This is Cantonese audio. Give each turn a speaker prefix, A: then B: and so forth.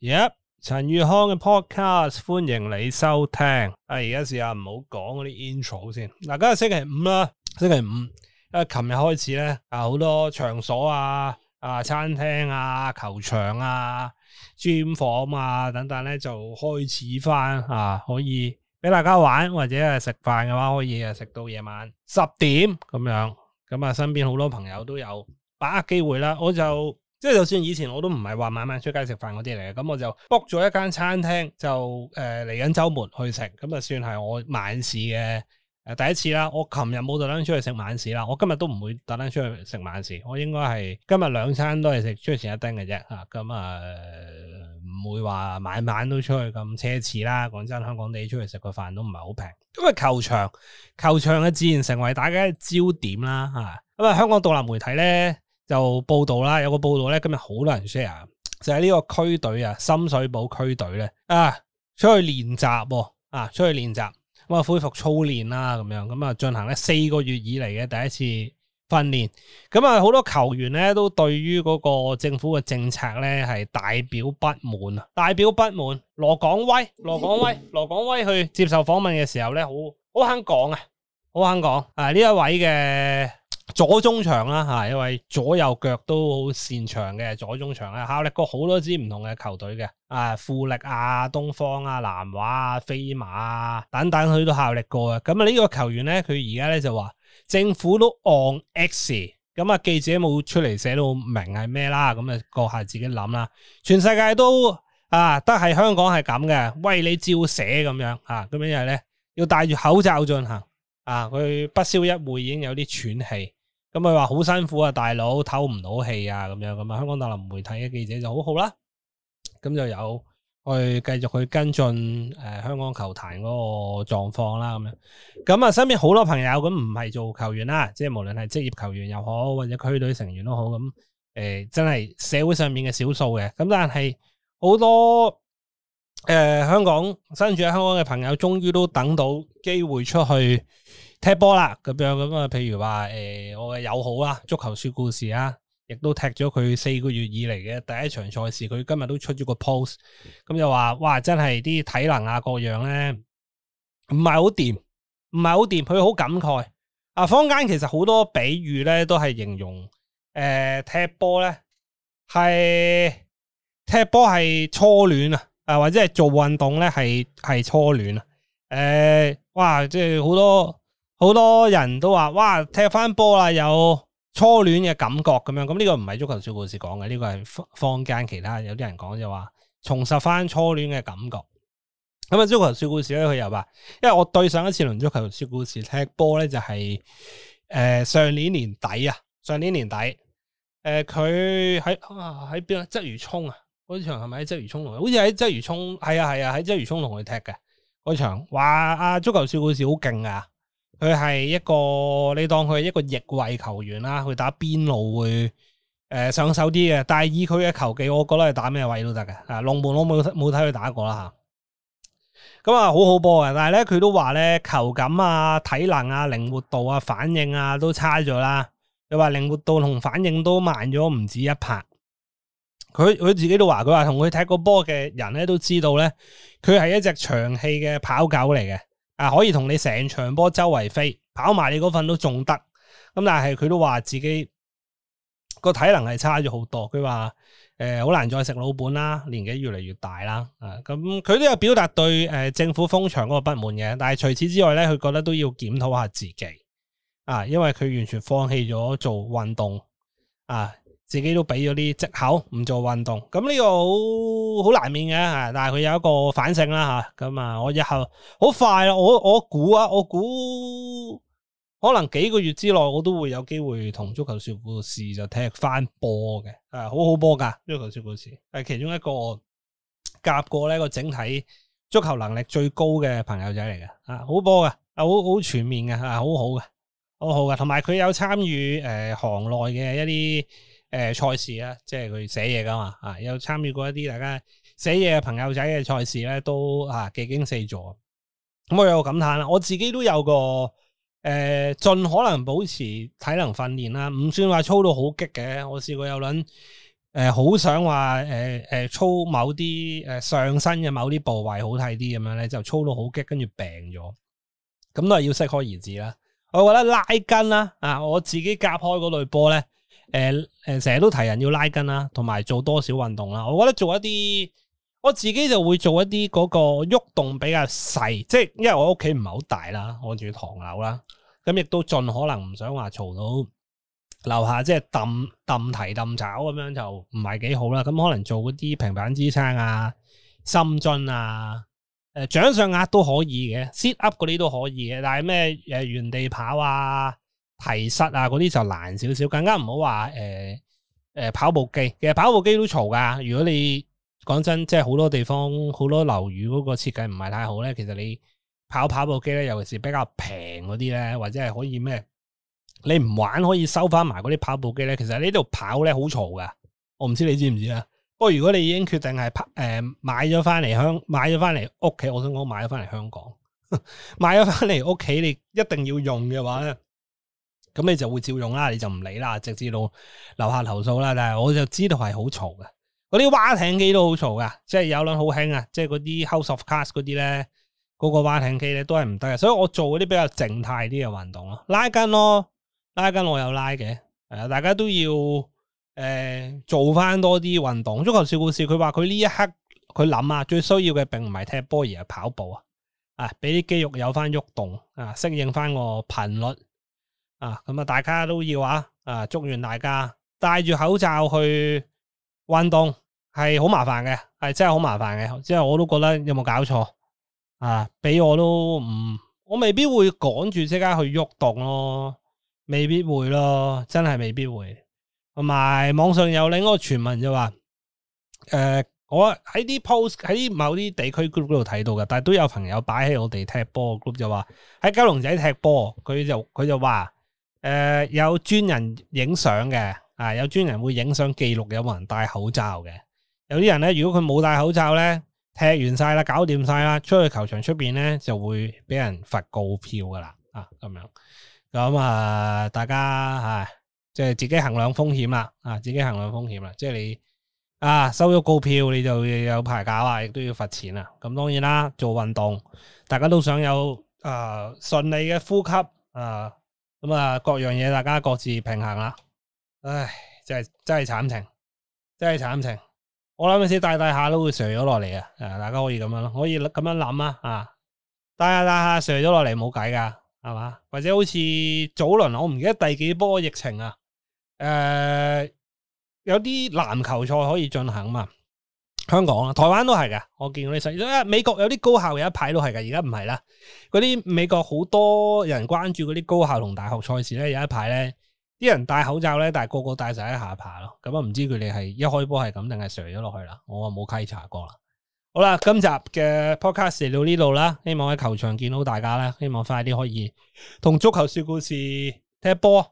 A: yep 陳宇康嘅 podcast，歡迎你收聽。啊，而家試下唔好講嗰啲 intro 先。嗱，今日星期五啦，星期五，因為琴日開始咧，啊，好多場所啊、啊餐廳啊、球場啊、gym 房啊等等咧，就開始翻啊，可以俾大家玩或者係食飯嘅話，可以啊食到夜晚十點咁樣。咁啊，身邊好多朋友都有把握機會啦，我就。即係就算以前我都唔係話晚晚出街食飯嗰啲嚟嘅，咁我就卜咗一間餐廳，就誒嚟緊周末去食，咁啊算係我晚市嘅誒第一次啦。我琴日冇特登出去食晚市啦，我今日都唔會特登出去食晚市，我應該係今日兩餐都係食出去食一丁嘅啫。吓，咁啊，唔、嗯、會話晚晚都出去咁奢侈啦。講真，香港地出去食個飯都唔係好平。咁啊，球場球場呢自然成為大家嘅焦點啦。吓、啊、咁啊，香港獨立媒體咧。就報道啦，有個報道咧，今日好多人 share，就係、是、呢個區隊啊，深水埗區隊咧啊，出去練習喎、啊，啊，出去練習，咁啊恢復操練啦、啊，咁樣，咁啊進行咧四個月以嚟嘅第一次訓練，咁啊好多球員咧都對於嗰個政府嘅政策咧係大表不滿啊，大表不滿。羅廣威、羅廣威、羅廣威去接受訪問嘅時候咧，好好肯講啊，好肯講啊，呢一位嘅。左中場啦，吓，因為左右腳都好擅長嘅左中場咧，效力過好多支唔同嘅球隊嘅，啊，富力啊、東方啊、南華啊、飛馬啊等等，佢都效力過嘅。咁啊呢個球員咧，佢而家咧就話政府都 on X，咁啊記者冇出嚟寫到明係咩啦，咁、那、啊閣下自己諗啦。全世界都啊，得係香港係咁嘅，喂你照寫咁樣吓，咁樣又咧要戴住口罩進行啊，佢不消一會已經有啲喘氣。咁佢話好辛苦啊，大佬透唔到氣啊，咁樣咁啊，香港大陸媒體嘅記者就好好啦，咁就有去繼續去跟進，誒香港球壇嗰個狀況啦，咁樣咁啊，身邊好多朋友咁唔係做球員啦，即係無論係職業球員又好，或者區隊成員都好，咁誒、呃、真係社會上面嘅少數嘅，咁但係好多誒、呃、香港身處喺香港嘅朋友，終於都等到機會出去踢波啦，咁樣咁啊，譬如話誒、欸，我嘅友好啦，足球說故事啊，亦都踢咗佢四個月以嚟嘅第一場賽事，佢今日都出咗個 post，咁就話哇，真係啲體能啊各樣咧，唔係好掂，唔係好掂，佢好感慨。啊，坊間其實好多比喻咧，都係形容誒、呃、踢波咧，係踢波係初戀啊，啊或者係做運動咧係係初戀啊，誒，哇，即係好多。好多人都話哇，踢翻波啦，有初戀嘅感覺咁樣，咁呢個唔係足球小故事講嘅，呢、這個係坊間其他有啲人講就話重拾翻初戀嘅感覺。咁啊，足球小故事咧佢又話，因為我對上一次輪足球小故事踢波咧就係、是、誒、呃、上年年底啊，上年年底誒佢喺喺邊啊？鰂魚涌啊，嗰場係咪喺鰂魚涌同？好似喺鰂魚涌，係啊係啊喺鰂魚涌同佢踢嘅嗰場，話、啊、足球小故事好勁啊！佢係一個，你當佢係一個翼位球員啦，佢打邊路會誒上手啲嘅。但係以佢嘅球技，我覺得係打咩位都得嘅。啊，龍門我冇冇睇佢打過啦吓。咁啊，好好波呀，但係咧，佢都話咧，球感啊、體能啊、靈活度啊、反應啊，都差咗啦。又話靈活度同反應都慢咗唔止一拍。佢佢自己都話，佢話同佢踢過波嘅人咧都知道咧，佢係一隻長氣嘅跑狗嚟嘅。啊！可以同你成場波周圍飛，跑埋你嗰份都仲得，咁但係佢都話自己個體能係差咗好多，佢話誒好難再食老本啦，年紀越嚟越大啦，啊咁佢、嗯、都有表達對誒、呃、政府封場嗰個不滿嘅，但係除此之外咧，佢覺得都要檢討下自己，啊，因為佢完全放棄咗做運動啊。自己都俾咗啲藉口唔做運動，咁呢個好好難免嘅，嚇但係佢有一個反省啦嚇。咁啊我以後好快咯，我我估啊，我估，我估，我估可能幾個月之內我都會有機會同足球小故事就踢翻波嘅，啊好好波㗎！足球小故事係、啊、其中一個夾過呢個整體足球能力最高嘅朋友仔嚟嘅，好波㗎、啊啊，好好全面嘅好好嘅，好好嘅。同埋佢有參與、呃、行內嘅一啲。誒，賽、呃、事啊，即係佢寫嘢㗎嘛，啊，有參與過一啲大家寫嘢嘅朋友仔嘅賽事咧，都啊幾驚四座。咁、嗯、我又有個感嘆啦，我自己都有個誒，盡、呃、可能保持體能訓練啦，唔算話操到好激嘅。我試過有輪，誒、呃，好想話誒誒操某啲誒、呃、上身嘅某啲部位好睇啲咁樣咧，就操到好激，跟住病咗。咁都係要適可而止啦。我覺得拉筋啦，啊，我自己隔開嗰類波咧。誒誒，成日、呃呃、都提人要拉筋啦，同埋做多少運動啦。我覺得做一啲，我自己就會做一啲嗰個喐動，動比較細，即係因為我屋企唔係好大啦，我住唐樓啦，咁亦都盡可能唔想話嘈到樓下，即係掟掟提掟爪咁樣就唔係幾好啦。咁可能做嗰啲平板支撐啊、深蹲啊、誒、呃、掌上壓都可以嘅，sit up 嗰啲都可以嘅。但係咩誒原地跑啊？提膝啊，嗰啲就難少少，更加唔好話誒誒跑步機，其實跑步機都嘈㗎。如果你講真，即係好多地方好多樓宇嗰個設計唔係太好咧，其實你跑跑步機咧，尤其是比較平嗰啲咧，或者係可以咩？你唔玩可以收翻埋嗰啲跑步機咧，其實呢度跑咧好嘈㗎。我唔知你知唔知啊？不過如果你已經決定係拍誒買咗翻嚟香買咗翻嚟屋企，我想講買咗翻嚟香港， 買咗翻嚟屋企，你一定要用嘅話咧。咁你就會照用啦，你就唔理啦，直至到樓下投訴啦。但係我就知道係好嘈嘅，嗰啲蛙艇機都好嘈噶，即係有輪好輕啊，即係嗰啲 house of cars 嗰啲咧，嗰、嗰個蛙艇機咧都係唔得。所以我做嗰啲比較靜態啲嘅運動，拉筋咯，拉筋我又拉嘅。誒、啊，大家都要誒、呃、做翻多啲運動。足球小故事佢話佢呢一刻佢諗啊，最需要嘅並唔係踢波而係跑步啊，啊，俾啲肌肉有翻喐動啊，適應翻個頻率。啊，咁啊，大家都要啊，啊，祝願大家戴住口罩去運動係好麻煩嘅，係真係好麻煩嘅，即係我都覺得有冇搞錯啊？俾我都唔，我未必會趕住即刻去喐動咯，未必會咯，真係未必會。同埋網上有另一個傳聞就話、呃，我喺啲 post 喺某啲地區 group 度睇到嘅，但都有朋友擺喺我哋踢波 group 就話喺九龍仔踢波，佢就佢就話。誒、呃，有專人影相嘅，啊，有專人會影相記錄有冇人戴口罩嘅。有啲人咧，如果佢冇戴口罩咧，踢完晒啦，搞掂晒啦，出去球場出邊咧，就會俾人罰告票噶啦，啊，咁樣，咁啊，大家啊，即、哎、係、就是、自己衡量風險啦，啊，自己衡量風險啦，即係你啊，收咗告票，你就要有排搞啊，亦都要罰錢啦咁、啊、當然啦，做運動，大家都想有啊順利嘅呼吸啊。咁啊，各樣嘢大家各自平衡啦。唉，真係真係慘情，真係慘情。我諗住大大下都會瀡咗落嚟啊！誒，大家可以咁樣咯，可以咁樣諗啊啊！大大下瀡咗落嚟冇計噶，係嘛？或者好似早輪我唔記得第幾波疫情啊？誒、呃，有啲籃球賽可以進行嘛？香港啊，台灣都係嘅，我見到啲細、啊，美國有啲高校有一排都係嘅，而家唔係啦。嗰啲美國好多人關注嗰啲高校同大學賽事咧，有一排咧，啲人戴口罩咧，但係個個戴晒喺下巴咯。咁、嗯、啊，唔知佢哋係一開波係咁定係瀡咗落去啦。我啊冇稽查過啦。好啦，今集嘅 podcast 到呢度啦，希望喺球場見到大家啦，希望快啲可以同足球說故事踢波。